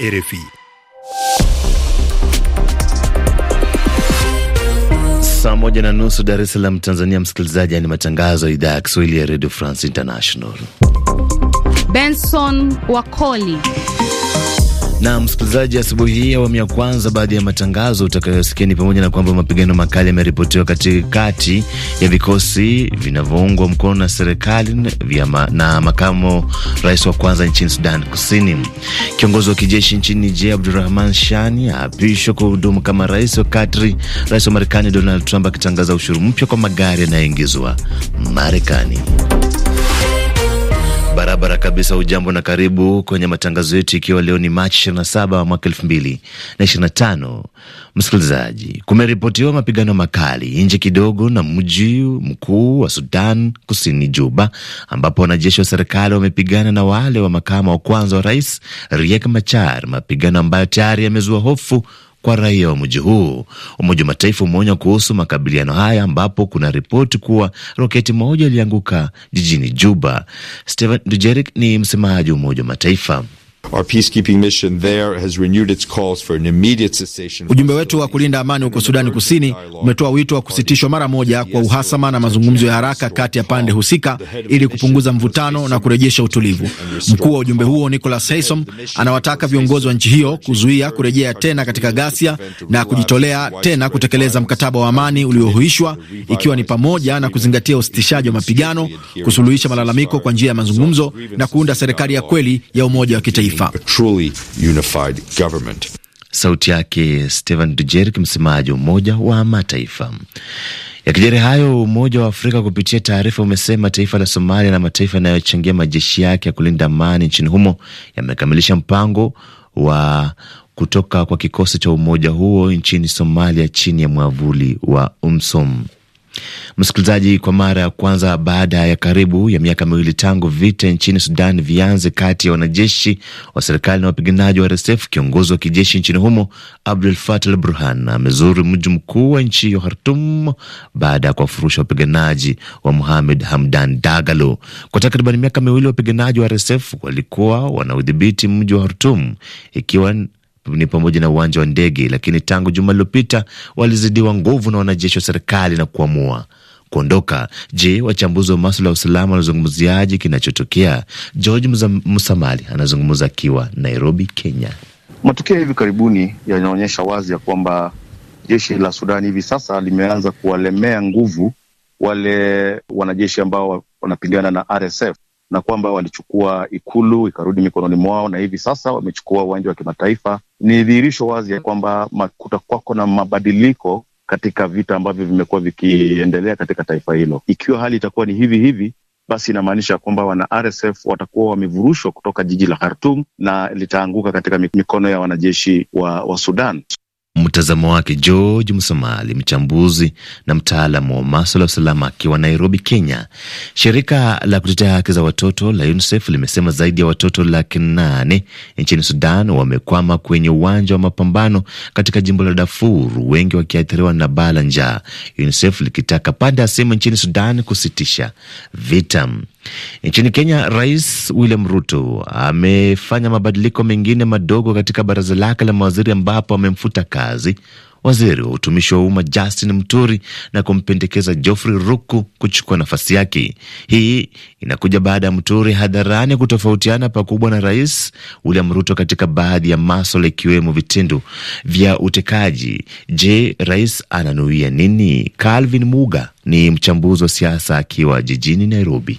RFI. Saa moja na nusu Dar es Salaam, Tanzania. Msikilizaji, ni matangazo ya idhaa ya Kiswahili ya Radio France International. Benson Wakoli na msikilizaji, asubuhi hii awamu ya kwanza, baadhi ya matangazo utakayosikia ni pamoja na kwamba mapigano makali yameripotiwa katikati ya vikosi vinavyoungwa mkono na serikali na makamo rais wa kwanza nchini Sudan Kusini. Kiongozi wa kijeshi nchini Niger Abdurahman Shani aapishwa kuhudumu kama rais wa Katri, rais wa Marekani Donald Trump akitangaza ushuru mpya kwa magari yanayoingizwa Marekani. Barabara kabisa. Ujambo na karibu kwenye matangazo yetu, ikiwa leo ni Machi 27 mwaka 2025. Msikilizaji, kumeripotiwa mapigano makali nje kidogo na mji mkuu wa Sudan Kusini, Juba, ambapo wanajeshi wa serikali wamepigana na wale wa makama wa kwanza wa rais Riek Machar, mapigano ambayo tayari yamezua hofu kwa raia wa mji huu. Umoja wa Mataifa umeonya kuhusu makabiliano haya, ambapo kuna ripoti kuwa roketi moja ilianguka jijini Juba. Stephane Dujarric ni msemaji wa Umoja wa Mataifa. Ujumbe wetu wa kulinda amani huko Sudani Kusini umetoa wito wa kusitishwa mara moja kwa uhasama na mazungumzo ya haraka kati ya pande husika ili kupunguza mvutano na kurejesha utulivu. Mkuu wa ujumbe huo Nicholas Haysom anawataka viongozi wa nchi hiyo kuzuia kurejea tena katika ghasia na kujitolea tena kutekeleza mkataba wa amani uliohuishwa, ikiwa ni pamoja na kuzingatia usitishaji wa mapigano, kusuluhisha malalamiko kwa njia ya mazungumzo na kuunda serikali ya kweli ya umoja wa kitaifa taifa. Sauti yake Stephane Dujarric, msemaji wa Umoja wa Mataifa. Yakijiri hayo, Umoja wa Afrika kupitia taarifa umesema taifa la Somalia na mataifa yanayochangia majeshi yake ya kulinda amani nchini humo yamekamilisha mpango wa kutoka kwa kikosi cha umoja huo nchini Somalia chini ya mwavuli wa UMSOM. Msikilizaji, kwa mara ya kwanza baada ya karibu ya miaka miwili tangu vita nchini Sudan vianze kati ya wanajeshi wa serikali na wapiganaji wa RSF, kiongozi wa kijeshi nchini humo Abdul Fatah Al Burhan amezuru mji mkuu wa nchi hiyo Khartum baada ya kuwafurusha wapiganaji wa Muhamed Hamdan Dagalo. Kwa takriban miaka miwili wapiganaji wa RSF walikuwa wanaudhibiti mji wa Khartum, ikiwa ni pamoja na uwanja wa ndege, lakini tangu juma lililopita walizidiwa nguvu na wanajeshi wa serikali na kuamua kuondoka. Je, wachambuzi wa maswala ya usalama wanazungumziaje kinachotokea? George Musamali anazungumza akiwa Nairobi, Kenya. Matukio hivi karibuni yanaonyesha wazi ya kwamba jeshi la Sudani hivi sasa limeanza kuwalemea nguvu wale wanajeshi ambao wanapigana na RSF na kwamba walichukua ikulu ikarudi mikononi mwao, na hivi sasa wamechukua uwanja wa kimataifa ni dhihirisho wazi ya kwamba kutakuwako na mabadiliko katika vita ambavyo vimekuwa vikiendelea katika taifa hilo. Ikiwa hali itakuwa ni hivi hivi, basi inamaanisha kwamba wana RSF watakuwa wamevurushwa kutoka jiji la Khartum na litaanguka katika mikono ya wanajeshi wa, wa Sudan. Mtazamo wake George Msomali, mchambuzi na mtaalamu wa maswala ya usalama, akiwa Nairobi, Kenya. Shirika la kutetea haki za watoto la UNICEF limesema zaidi ya watoto laki nane nchini Sudan wamekwama kwenye uwanja wa mapambano katika jimbo la Darfur, wengi wakiathiriwa na baa la njaa, UNICEF likitaka pande simu nchini Sudan kusitisha vita. Nchini Kenya, Rais William Ruto amefanya mabadiliko mengine madogo katika baraza lake la mawaziri, ambapo amemfuta kazi waziri wa utumishi wa umma Justin mturi na kumpendekeza Geoffrey Ruku kuchukua nafasi yake. Hii inakuja baada ya mturi hadharani kutofautiana pakubwa na Rais William Ruto katika baadhi ya maswala ikiwemo vitendo vya utekaji. Je, rais ananuia nini? Calvin Muga ni mchambuzi wa siasa akiwa jijini Nairobi.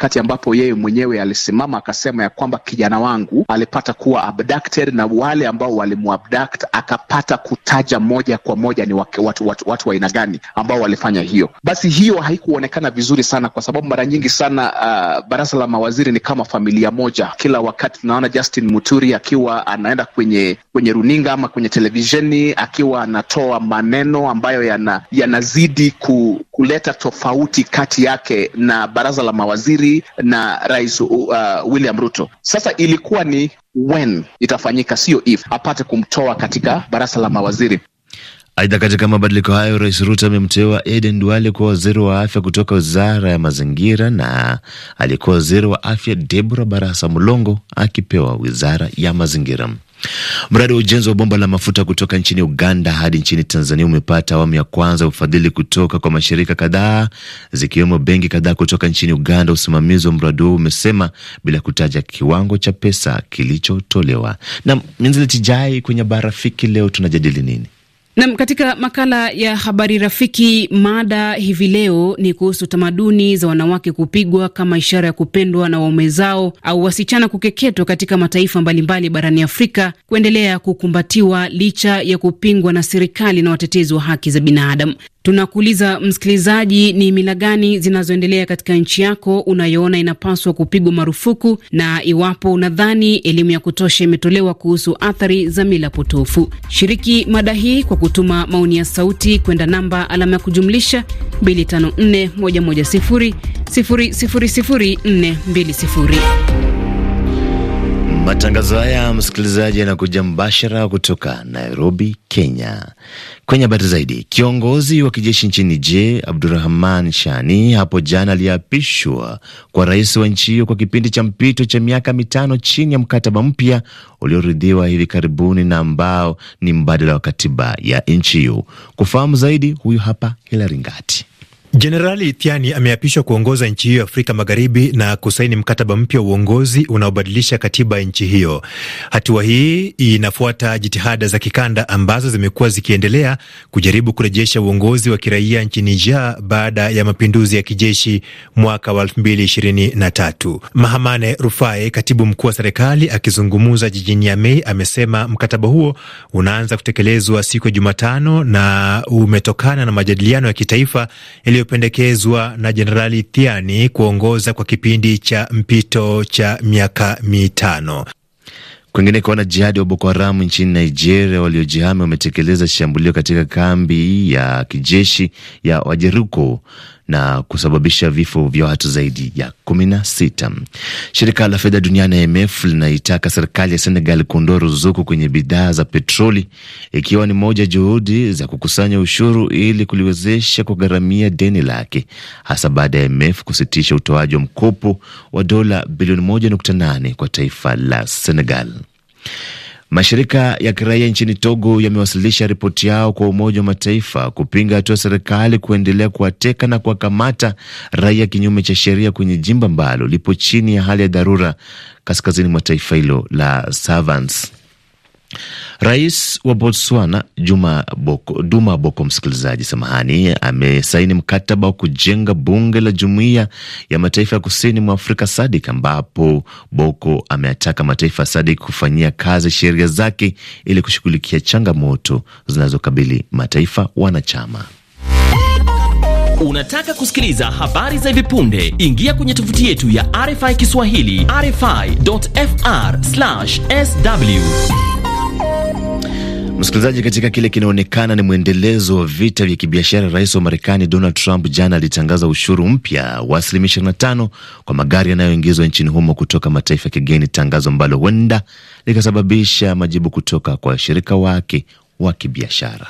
wakati ambapo yeye mwenyewe alisimama akasema ya kwamba kijana wangu alipata kuwa abducted na wale ambao walimuabduct akapata kutaja moja kwa moja ni wake, watu, watu, watu wa aina gani ambao walifanya hiyo. Basi hiyo haikuonekana vizuri sana, kwa sababu mara nyingi sana uh, baraza la mawaziri ni kama familia moja. Kila wakati tunaona Justin Muturi akiwa anaenda kwenye kwenye runinga ama kwenye televisheni akiwa anatoa maneno ambayo yanazidi yana ku, kuleta tofauti kati yake na baraza la mawaziri na Rais uh, William Ruto. Sasa ilikuwa ni when itafanyika, sio if, apate kumtoa katika baraza la mawaziri. Aidha, katika mabadiliko hayo, Rais Ruto amemteua Eden Duale kuwa waziri wa afya kutoka wizara ya mazingira na aliyekuwa waziri wa afya Debora Barasa Mulongo akipewa wizara ya mazingira. Mradi wa ujenzi wa bomba la mafuta kutoka nchini Uganda hadi nchini Tanzania umepata awamu ya kwanza ufadhili kutoka kwa mashirika kadhaa zikiwemo benki kadhaa kutoka nchini Uganda. Usimamizi wa mradi huo umesema bila kutaja kiwango cha pesa kilichotolewa. Na tijai kwenye Barafiki leo tunajadili nini? Nam, katika makala ya habari rafiki, mada hivi leo ni kuhusu tamaduni za wanawake kupigwa kama ishara ya kupendwa na waume zao au wasichana kukeketwa katika mataifa mbalimbali barani Afrika kuendelea kukumbatiwa licha ya kupingwa na serikali na watetezi wa haki za binadamu. Tunakuuliza msikilizaji, ni mila gani zinazoendelea katika nchi yako unayoona inapaswa kupigwa marufuku, na iwapo unadhani elimu ya kutosha imetolewa kuhusu athari za mila potofu? Shiriki mada hii kwa kutuma maoni ya sauti kwenda namba alama ya kujumlisha 254 Matangazo haya msikilizaji, yanakuja mbashara kutoka Nairobi, Kenya. Kwenye habari zaidi, kiongozi wa kijeshi nchini je Abdurahman Shani hapo jana aliyeapishwa kwa rais wa nchi hiyo kwa kipindi cha mpito cha miaka mitano chini ya mkataba mpya ulioridhiwa hivi karibuni na ambao ni mbadala wa katiba ya nchi hiyo. Kufahamu zaidi, huyu hapa Hilari Ngati. Jenerali Tiani ameapishwa kuongoza nchi hiyo ya Afrika Magharibi na kusaini mkataba mpya wa uongozi unaobadilisha katiba ya nchi hiyo. Hatua hii inafuata jitihada za kikanda ambazo zimekuwa zikiendelea kujaribu kurejesha uongozi wa kiraia nchini Nija baada ya mapinduzi ya kijeshi mwaka wa 2023. Mahamane Rufai, katibu mkuu wa serikali, akizungumza jijini Niamey, amesema mkataba huo unaanza kutekelezwa siku ya Jumatano na umetokana na majadiliano ya kitaifa yaliyo waliopendekezwa na Jenerali Thiani kuongoza kwa kipindi cha mpito cha miaka mitano. kwa wanajihadi wa Boko Haramu nchini Nigeria waliojihami wametekeleza shambulio katika kambi ya kijeshi ya Wajeruko na kusababisha vifo vya watu zaidi ya kumi na sita. Shirika la fedha duniani IMF linaitaka serikali ya Senegal kuondoa ruzuku kwenye bidhaa za petroli, ikiwa ni moja juhudi za kukusanya ushuru ili kuliwezesha kugharamia deni lake, hasa baada ya IMF kusitisha utoaji wa mkopo wa dola bilioni 1.8 kwa taifa la Senegal. Mashirika ya kiraia nchini Togo yamewasilisha ripoti yao kwa Umoja wa Mataifa kupinga hatua serikali kuendelea kuwateka na kuwakamata raia kinyume cha sheria kwenye jimbo ambalo lipo chini ya hali ya dharura kaskazini mwa taifa hilo la Savans. Rais wa Botswana Juma Boko, Duma Boko, msikilizaji samahani, amesaini mkataba wa kujenga bunge la jumuiya ya mataifa ya kusini mwa Afrika SADIK, ambapo Boko ameataka mataifa ya SADIK kufanyia kazi sheria zake ili kushughulikia changamoto zinazokabili mataifa wanachama. Unataka kusikiliza habari za hivi punde? Ingia kwenye tovuti yetu ya RFI Kiswahili, rfi.fr/sw Msikilizaji, katika kile kinaonekana ni mwendelezo wa vita vya kibiashara, rais wa Marekani Donald Trump jana alitangaza ushuru mpya wa asilimia 25 kwa magari yanayoingizwa nchini humo kutoka mataifa ya kigeni, tangazo ambalo huenda likasababisha majibu kutoka kwa washirika wake wa kibiashara.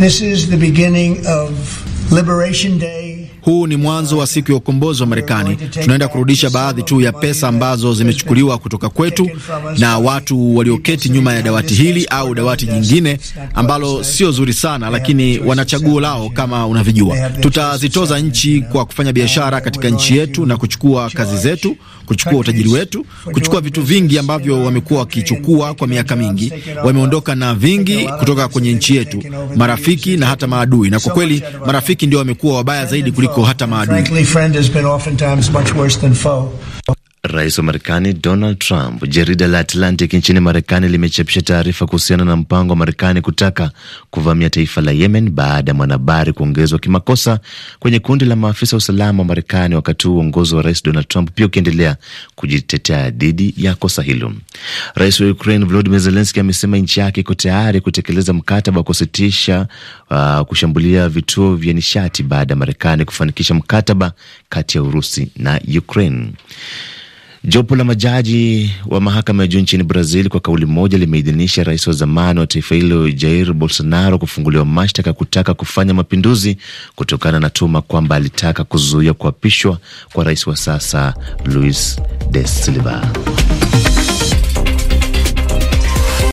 This is the beginning of Liberation Day. Huu ni mwanzo wa siku ya ukombozi wa Marekani. Tunaenda kurudisha baadhi tu ya pesa ambazo zimechukuliwa kutoka kwetu na watu walioketi nyuma ya dawati hili au dawati jingine ambalo sio zuri sana, lakini wanachaguo lao. Kama unavyojua, tutazitoza nchi kwa kufanya biashara katika nchi yetu na kuchukua kazi zetu, kuchukua utajiri wetu, kuchukua vitu vingi ambavyo wamekuwa wakichukua kwa miaka mingi. Wameondoka na vingi kutoka kwenye nchi yetu, marafiki na hata maadui. Na kwa kweli marafiki ndio wamekuwa wabaya zaidi kuliko Frankly, friend has been oftentimes much worse than foe. Rais wa Marekani Donald Trump. Jarida la Atlantic nchini Marekani limechapisha taarifa kuhusiana na mpango wa Marekani kutaka kuvamia taifa la Yemen baada ya mwanahabari kuongezwa kimakosa kwenye kundi la maafisa wa usalama wa Marekani, wakati huu uongozi wa Rais Donald Trump pia ukiendelea kujitetea dhidi ya kosa hilo. Rais wa Ukraine Volodymyr Zelensky amesema nchi yake iko tayari kutekeleza mkataba wa kusitisha uh, kushambulia vituo vya nishati baada ya Marekani kufanikisha mkataba kati ya Urusi na Ukraine. Jopo la majaji wa mahakama ya juu nchini Brazil kwa kauli moja limeidhinisha rais wa zamani wa taifa hilo Jair Bolsonaro kufunguliwa mashtaka ya kutaka kufanya mapinduzi kutokana na tuma kwamba alitaka kuzuia kuapishwa kwa rais wa sasa Luis de Silva.